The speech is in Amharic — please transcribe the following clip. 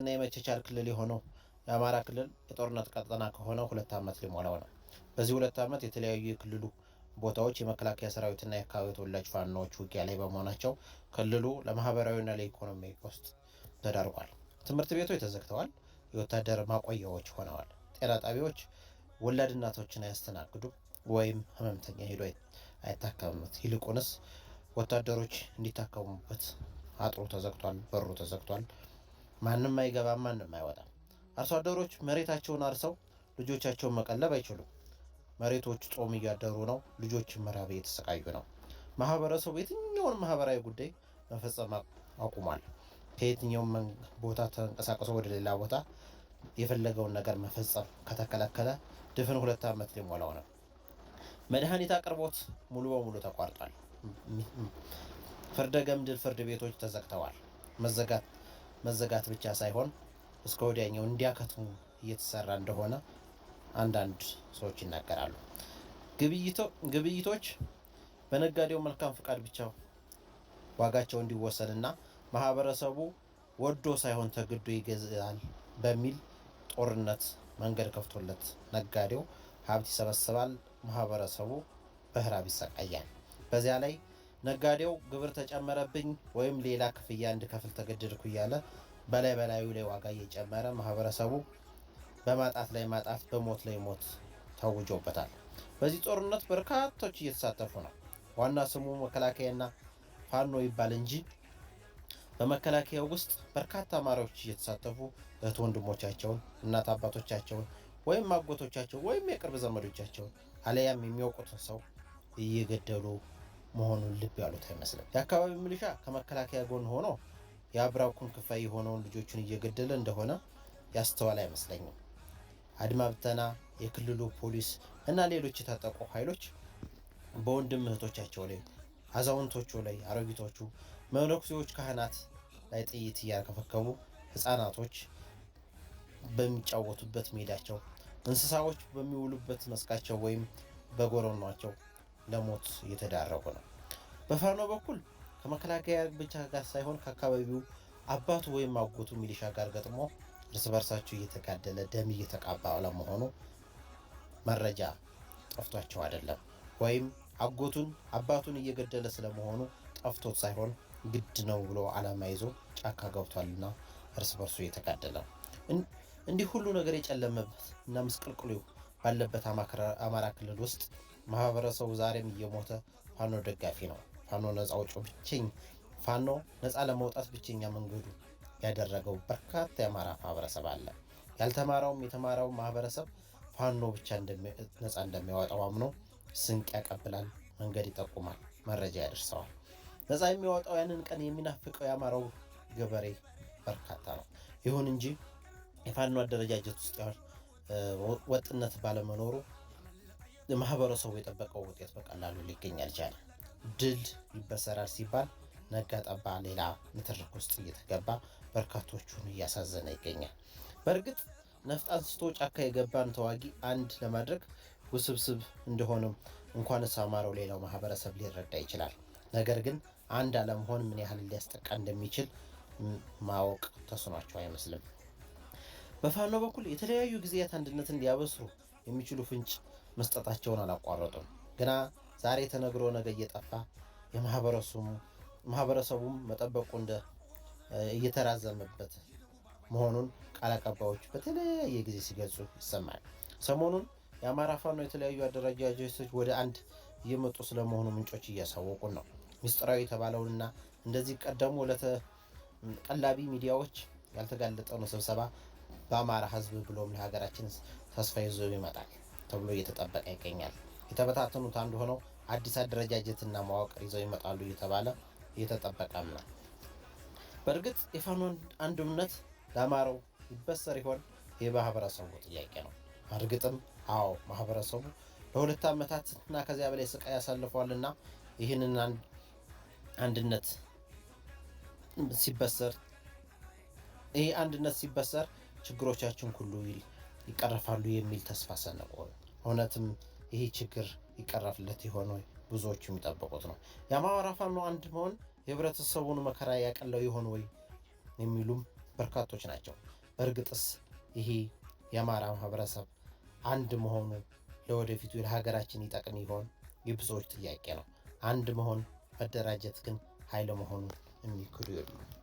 እና የመቼቻል ክልል የሆነው የአማራ ክልል የጦርነት ቀጠና ከሆነ ሁለት ዓመት ሊሞላው ነው። በዚህ ሁለት ዓመት የተለያዩ የክልሉ ቦታዎች የመከላከያ ሰራዊትና የአካባቢ ተወላጅ ፋኖዎች ውጊያ ላይ በመሆናቸው ክልሉ ለማህበራዊና ለኢኮኖሚ ቀውስ ተዳርጓል። ትምህርት ቤቶች ተዘግተዋል፣ የወታደር ማቆያዎች ሆነዋል። ጤና ጣቢያዎች ወላድ እናቶችን ወይም ህመምተኛ ሄዶ አይታከምበት፣ ይልቁንስ ወታደሮች እንዲታከሙበት አጥሩ ተዘግቷል፣ በሩ ተዘግቷል። ማንም አይገባም፣ ማንም አይወጣም። አርሶ አደሮች መሬታቸውን አርሰው ልጆቻቸውን መቀለብ አይችሉም። መሬቶች ጾም እያደሩ ነው። ልጆች መራብ እየተሰቃዩ ነው። ማህበረሰቡ የትኛውን ማህበራዊ ጉዳይ መፈጸም አቁሟል። ከየትኛውም ቦታ ተንቀሳቅሶ ወደ ሌላ ቦታ የፈለገውን ነገር መፈጸም ከተከለከለ ድፍን ሁለት ዓመት ሊሞላው ነው። መድኃኒት አቅርቦት ሙሉ በሙሉ ተቋርጧል። ፍርደ ገምድል ፍርድ ቤቶች ተዘግተዋል። መዘጋት መዘጋት ብቻ ሳይሆን እስከ ወዲያኛው እንዲያከትሙ እየተሰራ እንደሆነ አንዳንድ ሰዎች ይናገራሉ። ግብይቶች በነጋዴው መልካም ፍቃድ ብቻ ዋጋቸው እንዲወሰንና ማህበረሰቡ ወዶ ሳይሆን ተግዶ ይገዛል በሚል ጦርነት መንገድ ከፍቶለት ነጋዴው ሀብት ይሰበስባል፣ ማህበረሰቡ በህራብ ይሰቃያል። በዚያ ላይ ነጋዴው ግብር ተጨመረብኝ ወይም ሌላ ክፍያ እንድከፍል ተገደድኩ እያለ በላይ በላዩ ላይ ዋጋ እየጨመረ ማህበረሰቡ በማጣት ላይ ማጣት፣ በሞት ላይ ሞት ታውጆበታል። በዚህ ጦርነት በርካቶች እየተሳተፉ ነው። ዋና ስሙ መከላከያና ፋኖ ይባል እንጂ በመከላከያ ውስጥ በርካታ ተማሪዎች እየተሳተፉ እህት ወንድሞቻቸውን፣ እናት አባቶቻቸውን ወይም አጎቶቻቸውን ወይም የቅርብ ዘመዶቻቸውን አለያም የሚያውቁትን ሰው እየገደሉ መሆኑን ልብ ያሉት አይመስልም። የአካባቢው ሚሊሻ ከመከላከያ ጎን ሆኖ የአብራኩን ክፋይ የሆነውን ልጆቹን እየገደለ እንደሆነ ያስተዋል አይመስለኝም። አድማ ብተና፣ የክልሉ ፖሊስ እና ሌሎች የታጠቁ ኃይሎች በወንድም እህቶቻቸው ላይ፣ አዛውንቶቹ ላይ፣ አሮጊቶቹ መነኩሴዎች፣ ካህናት ላይ ጥይት እያከፈከቡ ህፃናቶች በሚጫወቱበት ሜዳቸው፣ እንስሳዎች በሚውሉበት መስካቸው ወይም በጎረኗቸው ለሞት እየተዳረጉ ነው። በፋኖ በኩል ከመከላከያ ብቻ ጋር ሳይሆን ከአካባቢው አባቱ ወይም አጎቱ ሚሊሻ ጋር ገጥሞ እርስ በርሳቸው እየተጋደለ ደም እየተቃባ ለመሆኑ መረጃ ጠፍቷቸው አይደለም፣ ወይም አጎቱን አባቱን እየገደለ ስለመሆኑ ጠፍቶት ሳይሆን ግድ ነው ብሎ አላማ ይዞ ጫካ ገብቷልና እርስ በርሱ እየተጋደለ እንዲህ ሁሉ ነገር የጨለመበት እና ምስቅልቅሉ ባለበት አማራ ክልል ውስጥ ማህበረሰቡ ዛሬም እየሞተ ፋኖ ደጋፊ ነው። ፋኖ ነፃ አውጪ ብቸኝ ፋኖ ነፃ ለመውጣት ብቸኛ መንገዱ ያደረገው በርካታ የአማራ ማህበረሰብ አለ። ያልተማረውም የተማረው ማህበረሰብ ፋኖ ብቻ ነፃ እንደሚያወጣው አምኖ ስንቅ ያቀብላል፣ መንገድ ይጠቁማል፣ መረጃ ያደርሰዋል። ነፃ የሚያወጣው ያንን ቀን የሚናፍቀው የአማራው ገበሬ በርካታ ነው። ይሁን እንጂ የፋኖ አደረጃጀት ውስጥ ወጥነት ባለመኖሩ ማህበረሰቡ የጠበቀው ውጤት በቀላሉ ሊገኝ አልቻለም። ድል ይበሰራል ሲባል ነጋጠባ ሌላ ንትርክ ውስጥ እየተገባ በርካቶቹን እያሳዘነ ይገኛል። በእርግጥ ነፍጥ አንስቶ ጫካ የገባን ተዋጊ አንድ ለማድረግ ውስብስብ እንደሆነም እንኳንስ አማረው ሌላው ማህበረሰብ ሊረዳ ይችላል። ነገር ግን አንድ አለመሆን ምን ያህል ሊያስጠቃ እንደሚችል ማወቅ ተስኗቸው አይመስልም። በፋኖ በኩል የተለያዩ ጊዜያት አንድነትን ሊያበስሩ የሚችሉ ፍንጭ መስጠታቸውን አላቋረጡም። ግና ዛሬ ተነግሮ ነገ እየጠፋ ማህበረሰቡም መጠበቁ እንደ እየተራዘመበት መሆኑን ቃል አቀባዮች በተለያየ ጊዜ ሲገልጹ ይሰማል። ሰሞኑን የአማራ ፋኖ የተለያዩ አደረጃጀቶች ወደ አንድ እየመጡ ስለመሆኑ ምንጮች እያሳወቁን ነው። ሚስጥራዊ የተባለውንና እንደዚህ ቀደሙ ለተቀላቢ ሚዲያዎች ያልተጋለጠውን ስብሰባ በአማራ ህዝብ ብሎም ለሀገራችን ተስፋ ይዞ ይመጣል ተብሎ እየተጠበቀ ይገኛል። የተበታተኑት አንዱ ሆነው አዲስ አደረጃጀትና መዋቅር ይዘው ይመጣሉ እየተባለ እየተጠበቀም ነው። በእርግጥ የፋኖን አንድነት ለአማራው ይበሰር ይሆን? የማህበረሰቡ ጥያቄ ነው። እርግጥም አዎ ማህበረሰቡ ለሁለት ዓመታት እና ከዚያ በላይ ስቃይ ያሳልፏልና ይህንን አንድነት ሲበሰር ይህ አንድነት ሲበሰር ችግሮቻችን ሁሉ ይቀረፋሉ የሚል ተስፋ ሰነቆ እውነትም ይህ ችግር ይቀረፍለት የሆኑ ብዙዎቹ የሚጠብቁት ነው። የአማራ ፋኖ አንድ መሆን የህብረተሰቡን መከራ ያቀለው የሆነ ወይ የሚሉም በርካቶች ናቸው። በእርግጥስ ይሄ የአማራ ማህበረሰብ አንድ መሆኑ ለወደፊቱ ለሀገራችን ይጠቅም ይሆን? የብዙዎች ጥያቄ ነው። አንድ መሆን መደራጀት ግን ኃይል መሆኑ የሚክዱ የሉ።